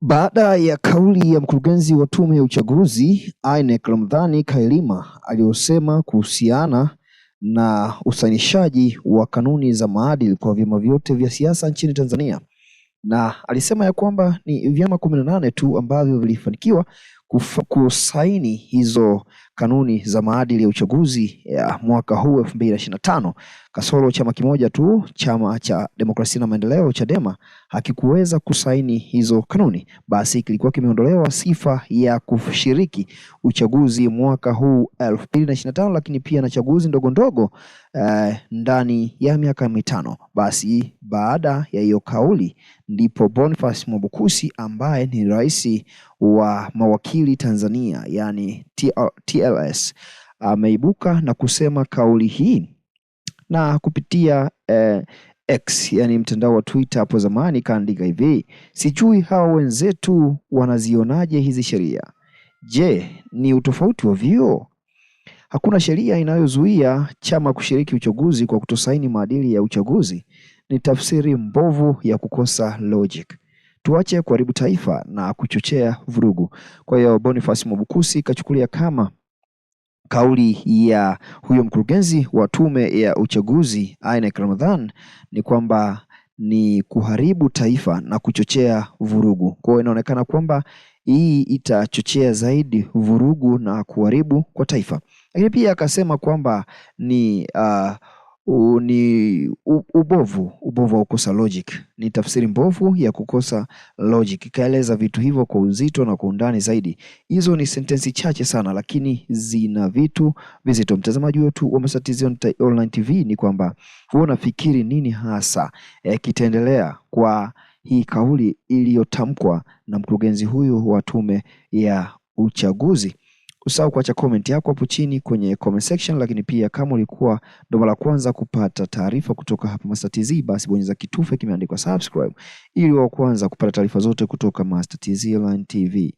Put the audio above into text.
Baada ya kauli ya mkurugenzi wa tume ya uchaguzi INEC Ramadhani Kailima aliyosema kuhusiana na usainishaji wa kanuni za maadili kwa vyama vyote vya siasa nchini Tanzania, na alisema ya kwamba ni vyama kumi na nane tu ambavyo vilifanikiwa kusaini hizo kanuni za maadili ya uchaguzi ya mwaka huu 2025 kasoro chama kimoja tu, chama cha demokrasia na maendeleo Chadema hakikuweza kusaini hizo kanuni, basi kilikuwa kimeondolewa sifa ya kushiriki uchaguzi mwaka huu 2025, lakini pia na chaguzi ndogo ndogo eh, ndani ya miaka mitano. Basi baada ya hiyo kauli ndipo Boniface Mwabukusi ambaye ni rais wa mawakili Tanzania yani TLS ameibuka na kusema kauli hii na kupitia eh, X yani mtandao wa Twitter hapo zamani, kaandika hivi: sijui hawa wenzetu wanazionaje hizi sheria. Je, ni utofauti wa vio? Hakuna sheria inayozuia chama kushiriki uchaguzi kwa kutosaini maadili ya uchaguzi. Ni tafsiri mbovu ya kukosa logic tuache kuharibu taifa na kuchochea vurugu. Kwa hiyo Boniface Mwabukusi kachukulia kama kauli ya huyo mkurugenzi wa tume ya uchaguzi INEC Ramadhan ni kwamba ni kuharibu taifa na kuchochea vurugu. Kwa hiyo inaonekana kwamba hii itachochea zaidi vurugu na kuharibu kwa taifa, lakini pia akasema kwamba ni uh, ni ubovu, ubovu wa kukosa logic, ni tafsiri mbovu ya kukosa logic. Kaeleza vitu hivyo kwa uzito na kwa undani zaidi. Hizo ni sentensi chache sana, lakini zina vitu vizito. Mtazamaji wetu wa Msatizi Online TV, ni kwamba huwa unafikiri nini hasa e, kitaendelea kwa hii kauli iliyotamkwa na mkurugenzi huyu wa Tume ya Uchaguzi usahau kuacha comment yako hapo chini kwenye comment section, lakini pia kama ulikuwa ndo mara kwanza kupata taarifa kutoka hapa Master TZ, basi bonyeza kitufe kimeandikwa subscribe ili wa kwanza kupata taarifa zote kutoka Master TZ Online TV.